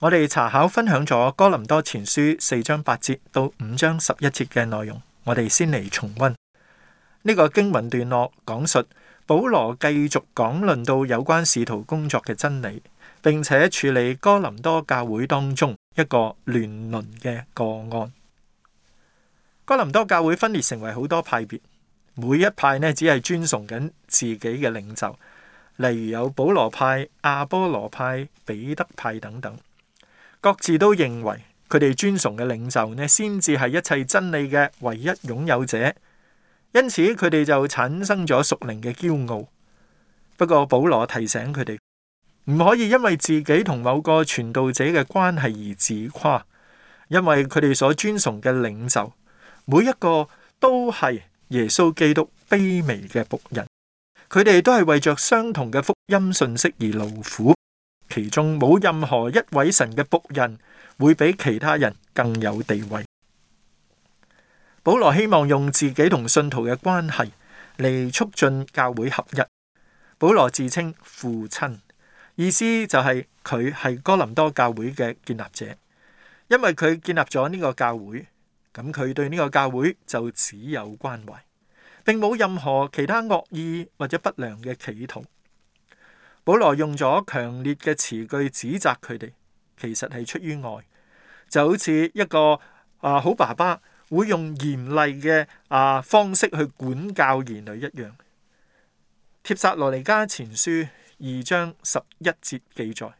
我哋查考分享咗哥林多前書四章八節到五章十一節嘅內容，我哋先嚟重溫呢、這個經文段落。講述保羅繼續講論到有關使徒工作嘅真理，並且處理哥林多教會當中一個亂倫嘅個案。哥林多教會分裂成為好多派別，每一派呢只係尊崇緊自己嘅領袖，例如有保羅派、亞波羅派、彼得派等等。各自都認為佢哋尊崇嘅領袖呢，先至係一切真理嘅唯一擁有者，因此佢哋就產生咗屬靈嘅驕傲。不過保羅提醒佢哋，唔可以因為自己同某個傳道者嘅關係而自誇，因為佢哋所尊崇嘅領袖每一個都係耶穌基督卑微嘅僕人，佢哋都係為着相同嘅福音信息而勞苦。其中冇任何一位神嘅僕人會比其他人更有地位。保羅希望用自己同信徒嘅關係嚟促進教會合一。保羅自稱父親，意思就係佢係哥林多教會嘅建立者，因為佢建立咗呢個教會，咁佢對呢個教會就只有關懷，並冇任何其他惡意或者不良嘅企圖。保羅用咗強烈嘅詞句指責佢哋，其實係出於愛，就好似一個啊好爸爸會用嚴厲嘅啊方式去管教兒女一樣。帖撒羅尼迦前書二章十一節記載：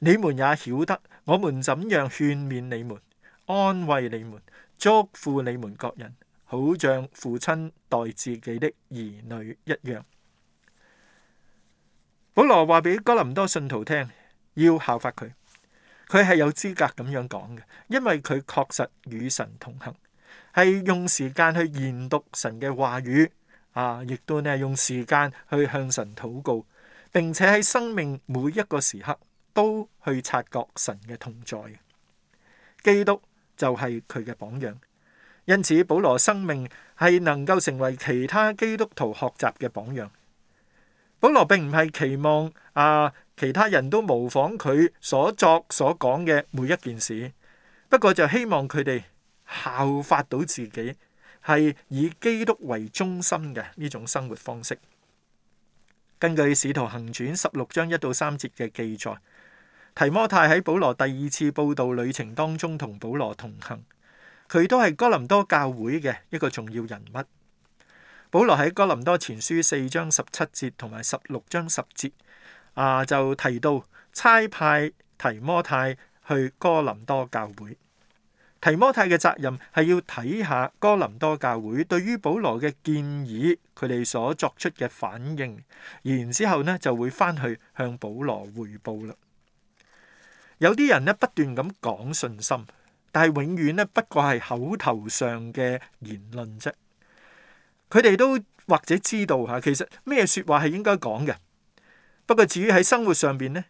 你們也曉得，我們怎樣勸勉你們、安慰你們、祝福你們各人，好像父親待自己的兒女一樣。保羅話俾哥林多信徒聽，要效法佢。佢係有資格咁樣講嘅，因為佢確實與神同行，係用時間去研讀神嘅話語，啊，亦都咧用時間去向神禱告，並且喺生命每一個時刻都去察覺神嘅同在。基督就係佢嘅榜樣，因此保羅生命係能夠成為其他基督徒學習嘅榜樣。保羅並唔係期望啊，其他人都模仿佢所作所講嘅每一件事，不過就希望佢哋效法到自己係以基督為中心嘅呢種生活方式。根據《使徒行傳》十六章一到三節嘅記載，提摩太喺保羅第二次佈道旅程當中同保羅同行，佢都係哥林多教會嘅一個重要人物。保羅喺哥林多前書四章十七節同埋十六章十節啊，就提到差派提摩太去哥林多教會。提摩太嘅責任係要睇下哥林多教會對於保羅嘅建議，佢哋所作出嘅反應，然之後呢就會翻去向保羅匯報嘞。有啲人呢不斷咁講信心，但係永遠呢不過係口頭上嘅言論啫。佢哋都或者知道吓，其實咩說話係應該講嘅。不過至於喺生活上邊咧，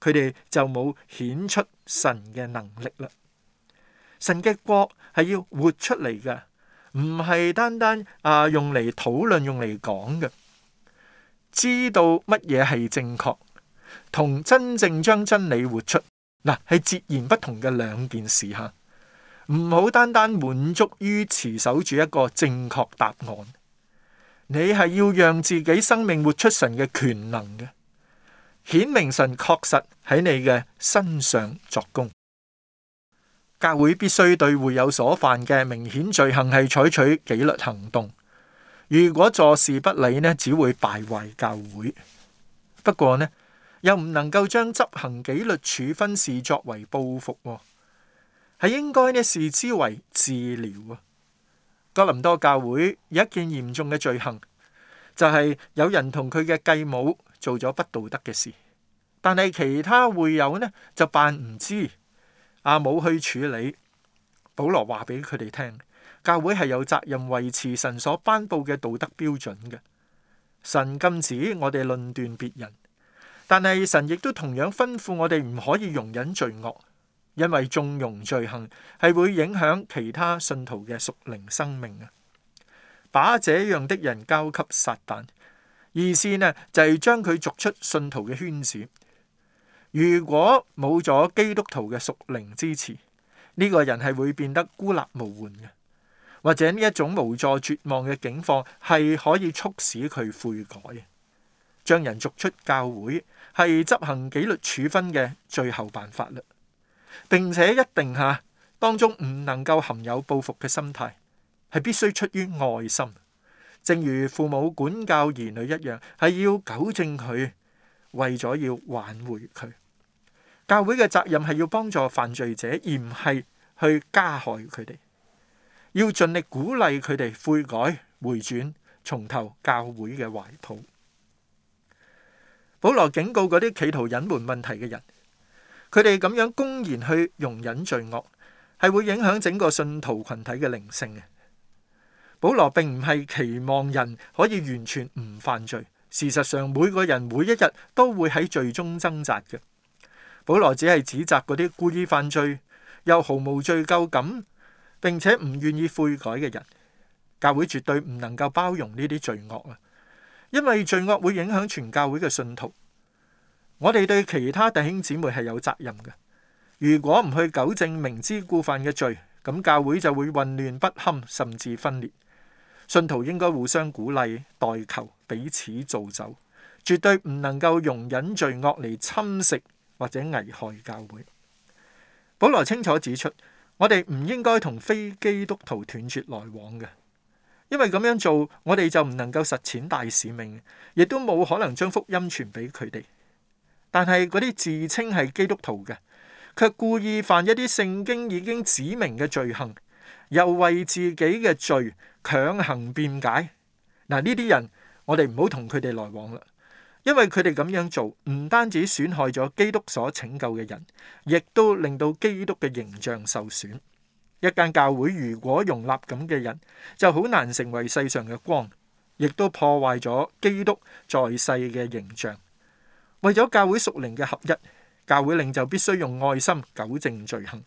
佢哋就冇顯出神嘅能力啦。神嘅國係要活出嚟嘅，唔係單單啊用嚟討論、用嚟講嘅。知道乜嘢係正確，同真正將真理活出，嗱係截然不同嘅兩件事吓。唔好單單滿足於持守住一個正確答案。你係要讓自己生命活出神嘅權能嘅，顯明神確實喺你嘅身上作功。教會必須對會有所犯嘅明顯罪行係採取紀律行動。如果坐視不理呢，只會敗壞教會。不過呢，又唔能夠將執行紀律處分視作為報復，係應該呢視之為治療啊。哥林多教會有一件嚴重嘅罪行，就係有人同佢嘅繼母做咗不道德嘅事，但係其他會友呢就扮唔知，啊冇去處理。保羅話俾佢哋聽，教會係有責任維持神所頒布嘅道德標準嘅。神禁止我哋論斷別人，但係神亦都同樣吩咐我哋唔可以容忍罪惡。因為縱容罪行係會影響其他信徒嘅屬靈生命啊！把這樣的人交給撒旦，意思呢就係將佢逐出信徒嘅圈子。如果冇咗基督徒嘅屬靈支持，呢個人係會變得孤立無援嘅，或者呢一種無助、絕望嘅境況係可以促使佢悔改。將人逐出教會係執行紀律處分嘅最後辦法啦。並且一定吓當中唔能夠含有報復嘅心態，係必須出於愛心，正如父母管教兒女一樣，係要糾正佢，為咗要挽回佢。教會嘅責任係要幫助犯罪者，而唔係去加害佢哋，要盡力鼓勵佢哋悔改回轉，重投教會嘅懷抱。保羅警告嗰啲企圖隱瞞問題嘅人。佢哋咁樣公然去容忍罪惡，係會影響整個信徒群體嘅靈性嘅。保羅並唔係期望人可以完全唔犯罪，事實上每個人每一日都會喺罪中掙扎嘅。保羅只係指責嗰啲故意犯罪又毫無罪疚感，並且唔願意悔改嘅人，教會絕對唔能夠包容呢啲罪惡啊，因為罪惡會影響全教會嘅信徒。我哋對其他弟兄姊妹係有責任嘅。如果唔去糾正明知故犯嘅罪，咁教會就會混亂不堪，甚至分裂。信徒應該互相鼓勵、代求，彼此造就，絕對唔能夠容忍罪惡嚟侵蝕或者危害教會。保羅清楚指出，我哋唔應該同非基督徒斷絕來往嘅，因為咁樣做，我哋就唔能夠實踐大使命，亦都冇可能將福音傳俾佢哋。但係嗰啲自稱係基督徒嘅，卻故意犯一啲聖經已經指明嘅罪行，又為自己嘅罪強行辯解。嗱，呢啲人我哋唔好同佢哋來往啦，因為佢哋咁樣做，唔單止損害咗基督所拯救嘅人，亦都令到基督嘅形象受損。一間教會如果容納咁嘅人，就好難成為世上嘅光，亦都破壞咗基督在世嘅形象。為咗教會屬靈嘅合一，教會令就必須用愛心糾正罪行。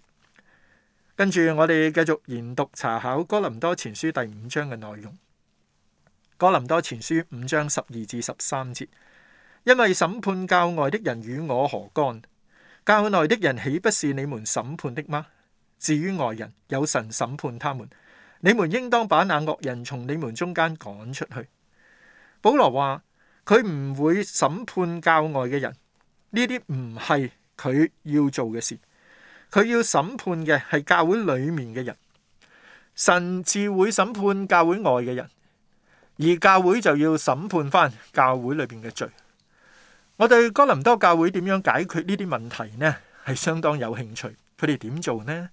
跟住我哋繼續研讀查考哥林多前書第五章嘅內容。哥林多前書五章十二至十三節，因為審判教外的人與我何干？教內的人豈不是你們審判的嗎？至於外人，有神審判他們。你們應當把那惡人從你們中間趕出去。保羅話。佢唔會審判教外嘅人，呢啲唔係佢要做嘅事。佢要審判嘅係教會裡面嘅人。神至會審判教會外嘅人，而教會就要審判翻教會裏邊嘅罪。我對哥林多教會點樣解決呢啲問題呢？係相當有興趣。佢哋點做呢？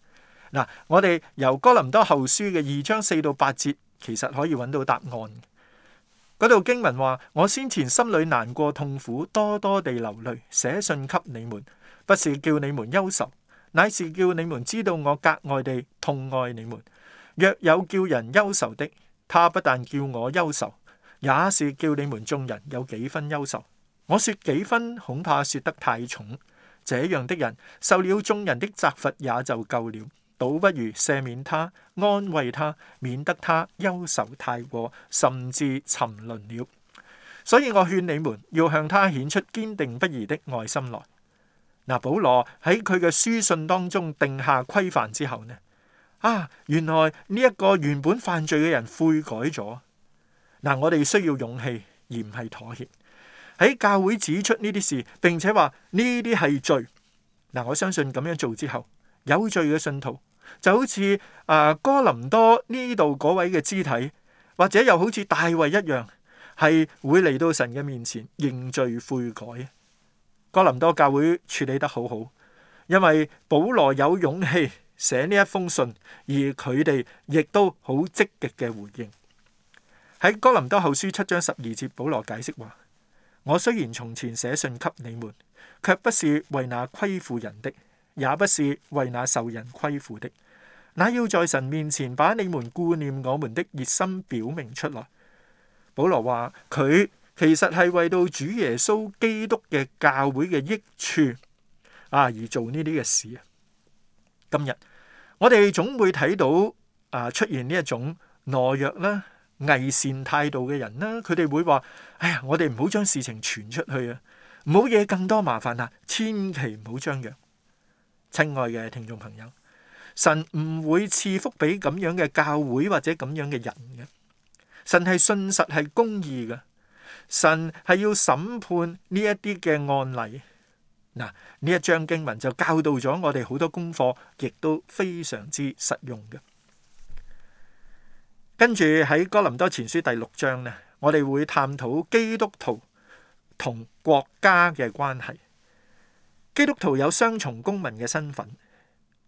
嗱，我哋由哥林多後書嘅二章四到八節，其實可以揾到答案。嗰度經文話：我先前心裏難過痛苦，多多地流淚，寫信給你們，不是叫你們憂愁，乃是叫你們知道我格外地痛愛你們。若有叫人憂愁的，他不但叫我憂愁，也是叫你們眾人有幾分憂愁。我說幾分恐怕說得太重，這樣的人受了眾人的責罰也就夠了。倒不如赦免他，安慰他，免得他憂愁太過，甚至沉淪了。所以我勸你們要向他顯出堅定不移的愛心來。嗱，保羅喺佢嘅書信當中定下規範之後呢，啊，原來呢一個原本犯罪嘅人悔改咗。嗱、啊，我哋需要勇氣而唔係妥協，喺教會指出呢啲事，並且話呢啲係罪。嗱、啊，我相信咁樣做之後，有罪嘅信徒。就好似啊哥林多呢度嗰位嘅肢體，或者又好似大衛一樣，係會嚟到神嘅面前認罪悔改。哥林多教會處理得好好，因為保羅有勇氣寫呢一封信，而佢哋亦都好積極嘅回應。喺哥林多後書七章十二節，保羅解釋話，我雖然從前寫信給你們，卻不是為那虧負人的。也不是為那受人虧負的，乃要在神面前把你們顧念我們的熱心表明出來。保羅話佢其實係為到主耶穌基督嘅教會嘅益處啊而做呢啲嘅事啊。今日我哋總會睇到啊出現呢一種懦弱啦、偽善態度嘅人啦，佢哋會話：哎呀，我哋唔好將事情傳出去啊，唔好惹更多麻煩啊，千祈唔好張揚。親愛嘅聽眾朋友，神唔會賜福俾咁樣嘅教會或者咁樣嘅人嘅。神係信實係公義嘅，神係要審判呢一啲嘅案例。嗱，呢一章經文就教導咗我哋好多功課，亦都非常之實用嘅。跟住喺《哥林多前書》第六章呢，我哋會探討基督徒同國家嘅關係。基督徒有雙重公民嘅身份，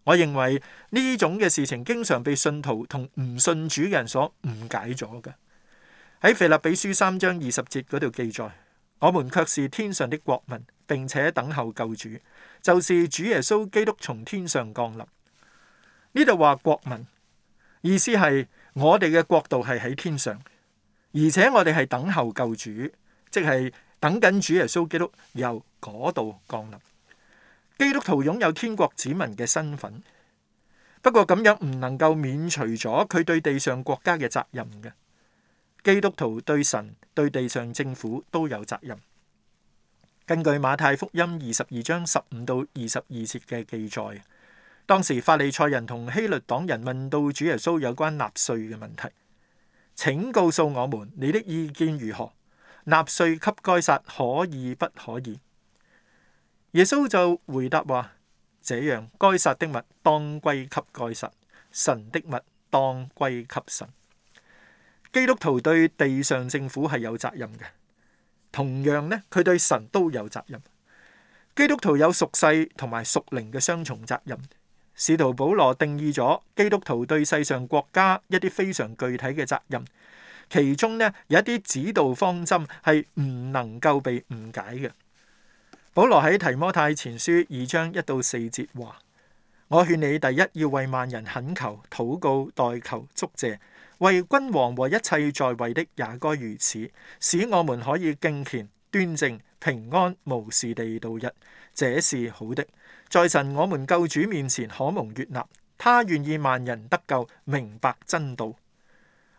我認為呢種嘅事情經常被信徒同唔信主嘅人所誤解咗嘅。喺腓立比書三章二十節嗰度記載，我們卻是天上的國民，並且等候救主，就是主耶穌基督從天上降臨。呢度話國民意思係我哋嘅國度係喺天上，而且我哋係等候救主，即係等緊主耶穌基督由嗰度降臨。基督徒擁有天國子民嘅身份，不過咁樣唔能夠免除咗佢對地上國家嘅責任嘅。基督徒對神、對地上政府都有責任。根據馬太福音二十二章十五到二十二節嘅記載，當時法利賽人同希律黨人問到主耶穌有關納稅嘅問題，請告訴我們你的意見如何？納稅給該撒可以不可以？耶穌就回答話：這樣該撒的物當歸給該撒，神的物當歸給神。基督徒對地上政府係有責任嘅，同樣呢，佢對神都有責任。基督徒有屬世同埋屬靈嘅雙重責任。使徒保羅定義咗基督徒對世上國家一啲非常具體嘅責任，其中呢，有一啲指導方針係唔能夠被誤解嘅。保羅喺提摩太前書二章一到四節話：我勸你第一要為萬人懇求、禱告、代求、祝謝，為君王和一切在位的也該如此，使我們可以敬虔、端正、平安無事地度日，這是好的。在神我們救主面前可蒙悅納，他願意萬人得救，明白真道。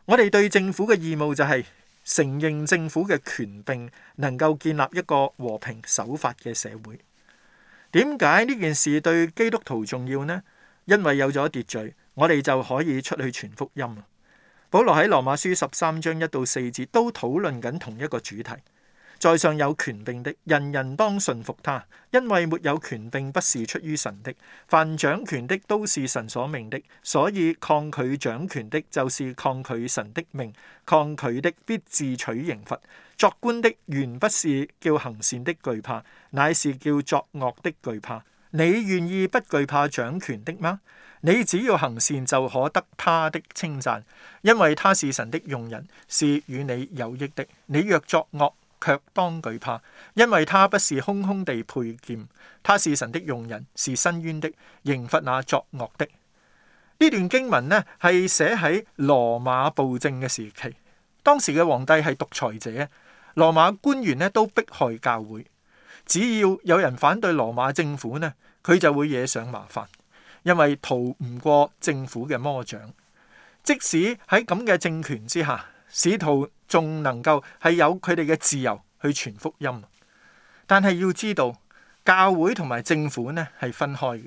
我哋對政府嘅義務就係、是。承認政府嘅權柄，能夠建立一個和平守法嘅社會。點解呢件事對基督徒重要呢？因為有咗秩序，我哋就可以出去傳福音。保羅喺羅馬書十三章一到四節都討論緊同一個主題。在上有權柄的，人人當順服他，因為沒有權柄不是出於神的。凡掌權的都是神所命的，所以抗拒掌權的，就是抗拒神的命。抗拒的必自取刑罰。作官的原不是叫行善的懼怕，乃是叫作惡的懼怕。你願意不懼怕掌權的嗎？你只要行善，就可得他的稱讚，因為他是神的用人，是與你有益的。你若作惡，卻當懼怕，因為他不是空空地佩劍，他是神的用人，是伸冤的，刑罰那作惡的。呢段經文呢，係寫喺羅馬暴政嘅時期，當時嘅皇帝係獨裁者，羅馬官員呢都迫害教會，只要有人反對羅馬政府呢，佢就會惹上麻煩，因為逃唔過政府嘅魔掌。即使喺咁嘅政權之下。使徒仲能夠係有佢哋嘅自由去傳福音，但係要知道教會同埋政府呢係分開嘅。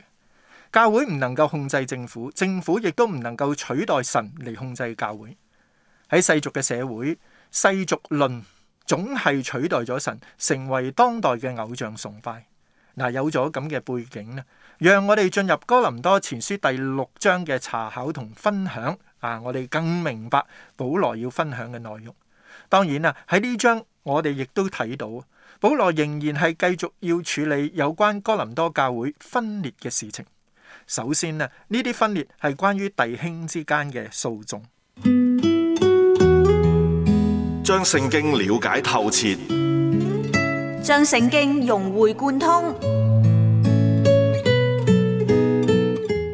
教會唔能夠控制政府，政府亦都唔能夠取代神嚟控制教會。喺世俗嘅社會，世俗論總係取代咗神，成為當代嘅偶像崇拜。嗱，有咗咁嘅背景呢，讓我哋進入哥林多前書第六章嘅查考同分享。啊！我哋更明白保羅要分享嘅內容。當然啦、啊，喺呢章我哋亦都睇到保羅仍然係繼續要處理有關哥林多教會分裂嘅事情。首先呢、啊，呢啲分裂係關於弟兄之間嘅訴訟。將聖經了解透徹，將聖經融會貫通。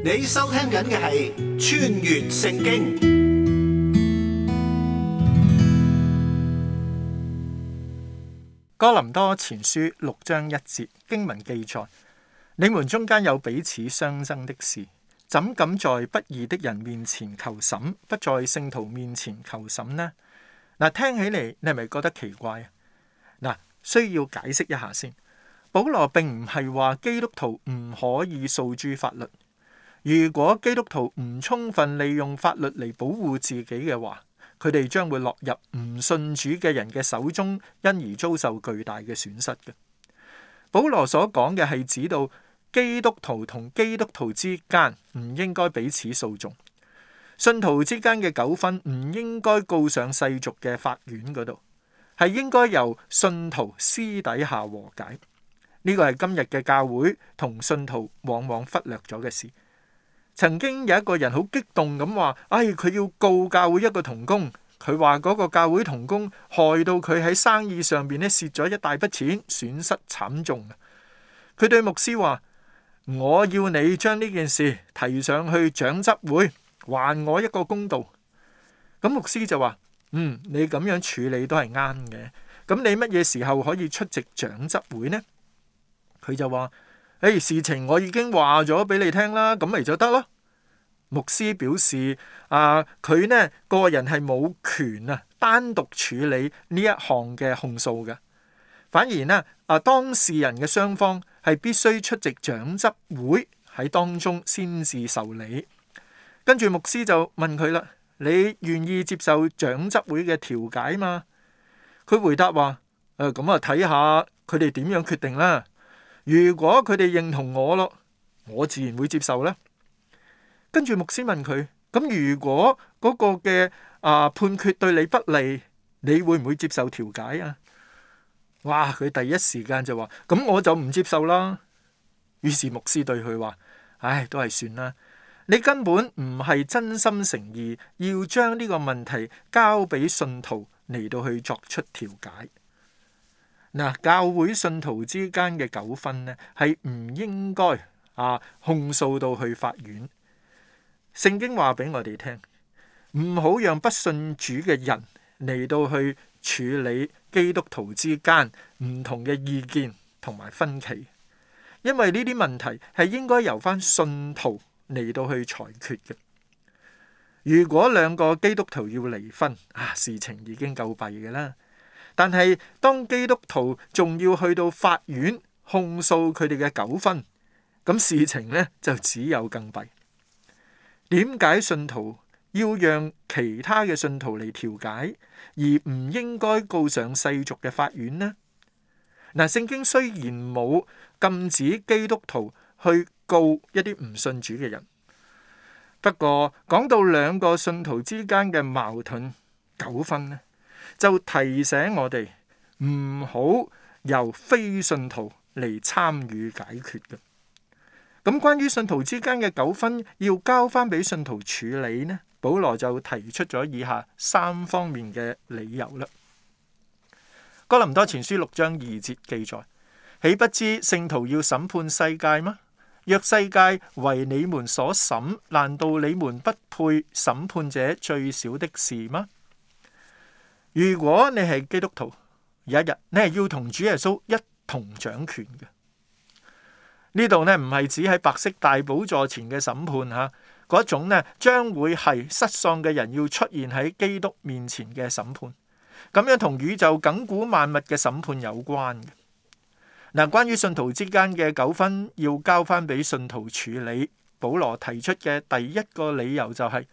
你收聽緊嘅係穿越聖經哥林多前書六章一節經文記載，你們中間有彼此相爭的事，怎敢在不義的人面前求審，不在聖徒面前求審呢？嗱，聽起嚟你係咪覺得奇怪啊？嗱，需要解釋一下先。保羅並唔係話基督徒唔可以訴諸法律。如果基督徒唔充分利用法律嚟保護自己嘅話，佢哋將會落入唔信主嘅人嘅手中，因而遭受巨大嘅損失嘅。保羅所講嘅係指到基督徒同基督徒之間唔應該彼此訴訟，信徒之間嘅糾紛唔應該告上世俗嘅法院嗰度，係應該由信徒私底下和解。呢、呢個係今日嘅教會同信徒往往忽略咗嘅事。曾經有一個人好激動咁話：哎，佢要告教會一個同工，佢話嗰個教會同工害到佢喺生意上面呢，蝕咗一大筆錢，損失慘重。佢對牧師話：我要你將呢件事提上去長執會，還我一個公道。咁牧師就話：嗯，你咁樣處理都係啱嘅。咁你乜嘢時候可以出席長執會呢？佢就話。誒、hey, 事情我已經話咗俾你聽啦，咁咪就得咯。牧師表示啊，佢呢個人係冇權啊，單獨處理呢一項嘅控訴嘅，反而呢啊，當事人嘅雙方係必須出席長執會喺當中先至受理。跟住牧師就問佢啦：「你願意接受長執會嘅調解嘛？佢回答話：「誒咁啊，睇下佢哋點樣決定啦。如果佢哋認同我咯，我自然會接受啦。跟住牧師問佢：咁如果嗰個嘅啊、呃、判決對你不利，你會唔會接受調解啊？哇！佢第一時間就話：咁我就唔接受啦。於是牧師對佢話：唉，都係算啦。你根本唔係真心誠意要將呢個問題交畀信徒嚟到去作出調解。嗱，教會信徒之間嘅糾紛咧，係唔應該啊控訴到去法院。聖經話俾我哋聽，唔好讓不信主嘅人嚟到去處理基督徒之間唔同嘅意見同埋分歧，因為呢啲問題係應該由返信徒嚟到去裁決嘅。如果兩個基督徒要離婚啊，事情已經夠弊嘅啦。但係，當基督徒仲要去到法院控訴佢哋嘅糾紛，咁事情呢就只有更弊。點解信徒要讓其他嘅信徒嚟調解，而唔應該告上世俗嘅法院呢？嗱，聖經雖然冇禁止基督徒去告一啲唔信主嘅人，不過講到兩個信徒之間嘅矛盾糾紛呢，就提醒我哋唔好由非信徒嚟參與解決嘅。咁關於信徒之間嘅糾紛，要交返俾信徒處理呢？保羅就提出咗以下三方面嘅理由啦。哥林多前書六章二節記載：「豈不知聖徒要審判世界嗎？若世界為你們所審，難道你們不配審判者最小的事嗎？」如果你係基督徒，有一日你係要同主耶穌一同掌權嘅，呢度呢唔係指喺白色大寶座前嘅審判吓，嗰種呢將會係失喪嘅人要出現喺基督面前嘅審判，咁樣同宇宙亘古萬物嘅審判有關嘅嗱。關於信徒之間嘅糾紛，要交翻俾信徒處理。保羅提出嘅第一個理由就係、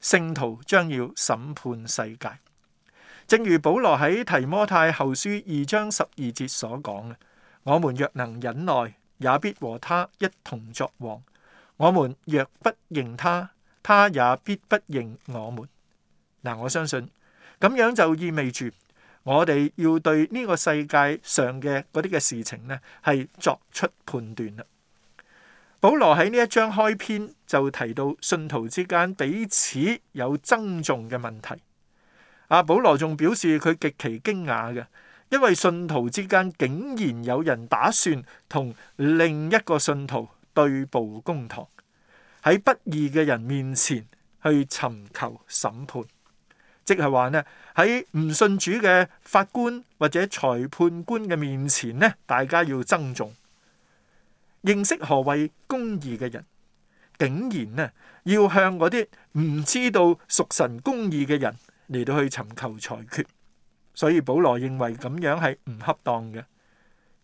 是、聖徒將要審判世界。正如保羅喺提摩太後書二章十二節所講啊，我們若能忍耐，也必和他一同作王；我們若不認他，他也必不認我們。嗱，我相信咁樣就意味住我哋要對呢個世界上嘅嗰啲嘅事情呢，係作出判斷啦。保羅喺呢一章開篇就提到，信徒之間彼此有增重嘅問題。阿保羅仲表示佢極其驚訝嘅，因為信徒之間竟然有人打算同另一個信徒對簿公堂，喺不義嘅人面前去尋求審判，即係話呢，喺唔信主嘅法官或者裁判官嘅面前呢，大家要增重認識何謂公義嘅人，竟然呢要向嗰啲唔知道屬神公義嘅人。嚟到去尋求裁決，所以保羅認為咁樣係唔恰當嘅。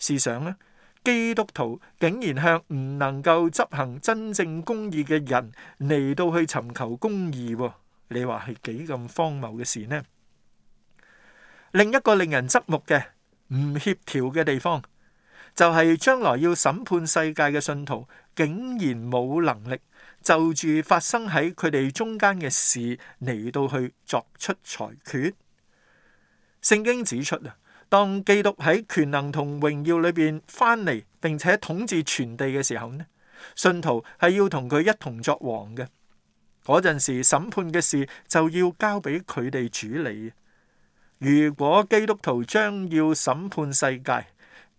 試想呢基督徒竟然向唔能夠執行真正公義嘅人嚟到去尋求公義，你話係幾咁荒謬嘅事呢？另一個令人側目嘅唔協調嘅地方，就係將來要審判世界嘅信徒，竟然冇能力。就住發生喺佢哋中間嘅事嚟到去作出裁決。聖經指出啊，當基督喺權能同榮耀裏邊翻嚟，並且統治全地嘅時候呢，信徒係要同佢一同作王嘅。嗰陣時審判嘅事就要交俾佢哋處理。如果基督徒將要審判世界，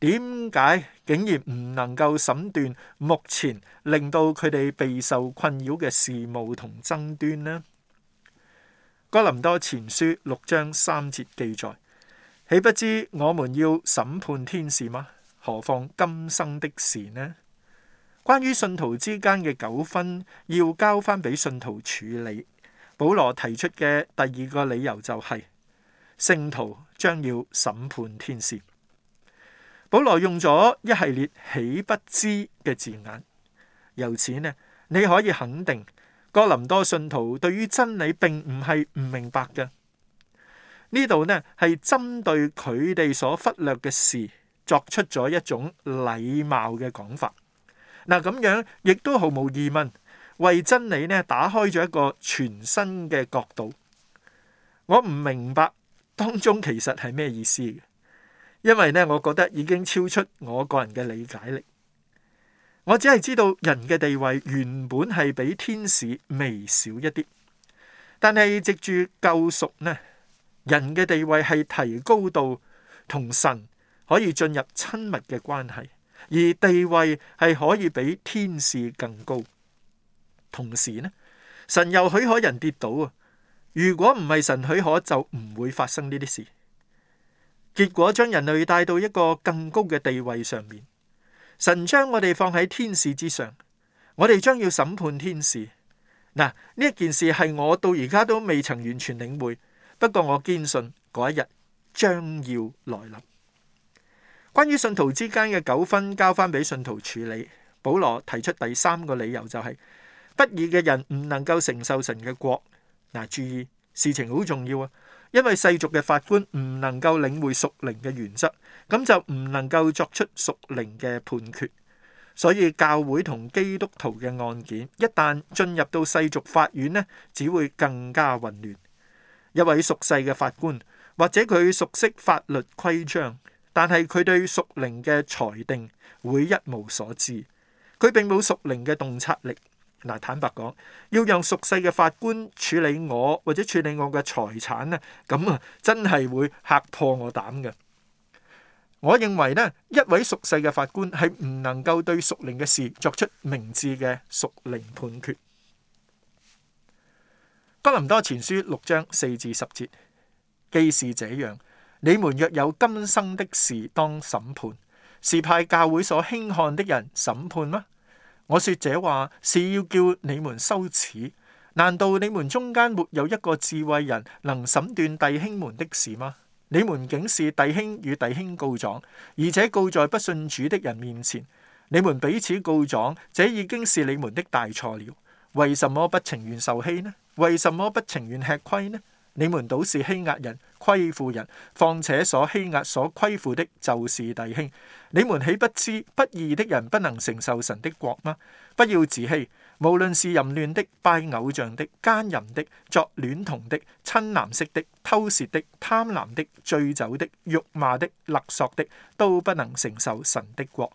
點解竟然唔能夠審斷目前令到佢哋備受困擾嘅事務同爭端呢？哥林多前書六章三節記載，豈不知我們要審判天使嗎？何況今生的事呢？關於信徒之間嘅糾紛，要交翻俾信徒處理。保羅提出嘅第二個理由就係、是，聖徒將要審判天使。保羅用咗一系列豈不知嘅字眼，由此呢，你可以肯定哥林多信徒對於真理並唔係唔明白嘅。呢度呢係針對佢哋所忽略嘅事，作出咗一種禮貌嘅講法。嗱，噉樣亦都毫無疑問，為真理呢打開咗一個全新嘅角度。我唔明白當中其實係咩意思。因為咧，我覺得已經超出我個人嘅理解力。我只係知道人嘅地位原本係比天使微小一啲，但係藉住救贖呢，人嘅地位係提高到同神可以進入親密嘅關係，而地位係可以比天使更高。同時呢，神又許可人跌倒啊！如果唔係神許可，就唔會發生呢啲事。結果將人類帶到一個更高嘅地位上面，神將我哋放喺天使之上，我哋將要審判天使。嗱，呢一件事係我到而家都未曾完全領會，不過我堅信嗰一日將要來臨。關於信徒之間嘅糾紛，交翻俾信徒處理。保羅提出第三個理由就係、是，不義嘅人唔能夠承受神嘅國。嗱，注意，事情好重要啊！因為世俗嘅法官唔能夠領會屬靈嘅原則，咁就唔能夠作出屬靈嘅判決。所以教會同基督徒嘅案件一旦進入到世俗法院呢，只會更加混亂。一位屬世嘅法官或者佢熟悉法律規章，但係佢對屬靈嘅裁定會一無所知，佢並冇屬靈嘅洞察力。嗱，坦白講，要讓屬世嘅法官處理我或者處理我嘅財產咧，咁啊，真係會嚇破我膽嘅。我認為咧，一位屬世嘅法官係唔能夠對屬靈嘅事作出明智嘅屬靈判決。《哥林多前書》六章四至十節，既是這樣，你們若有今生的事當審判，是派教會所輕看的人審判嗎？我說這話是要叫你們羞恥。難道你們中間沒有一個智慧人能審斷弟兄們的事嗎？你們竟是弟兄與弟兄告狀，而且告在不信主的人面前。你們彼此告狀，這已經是你們的大錯了。為什麼不情願受欺呢？為什麼不情願吃虧呢？你們倒是欺壓人、虧負人，況且所欺壓、所虧負的，就是弟兄。你們豈不知不義的人不能承受神的國嗎？不要自欺，無論是淫亂的、拜偶像的、姦淫的、作孌童的、親男色的、偷竊的、貪婪的、醉酒的、辱罵的、勒索的，都不能承受神的國。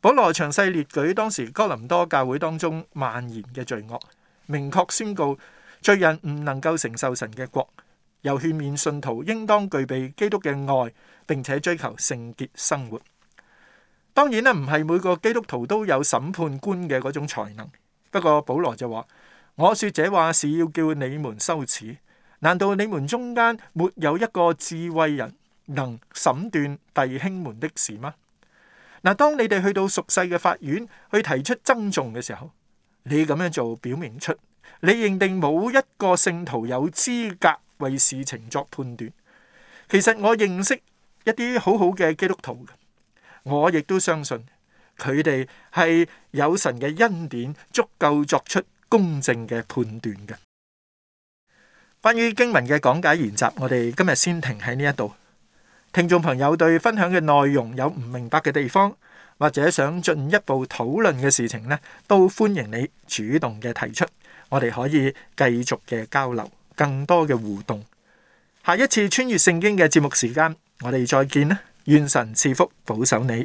保羅詳細列舉當時哥林多教會當中蔓延嘅罪惡，明確宣告。罪人唔能夠承受神嘅國，又勸勉信徒應當具備基督嘅愛，並且追求聖潔生活。當然咧，唔係每個基督徒都有審判官嘅嗰種才能。不過保羅就話：我說這話是要叫你們羞恥。難道你們中間沒有一個智慧人能審斷弟兄們的事嗎？嗱，當你哋去到屬世嘅法院去提出增重嘅時候，你咁樣做表明出。你認定冇一個聖徒有資格為事情作判斷。其實我認識一啲好好嘅基督徒，我亦都相信佢哋係有神嘅恩典，足夠作出公正嘅判斷嘅。關於經文嘅講解研習，我哋今日先停喺呢一度。聽眾朋友對分享嘅內容有唔明白嘅地方，或者想進一步討論嘅事情呢，都歡迎你主動嘅提出。我哋可以繼續嘅交流，更多嘅互動。下一次穿越聖經嘅節目時間，我哋再見啦！願神賜福保守你。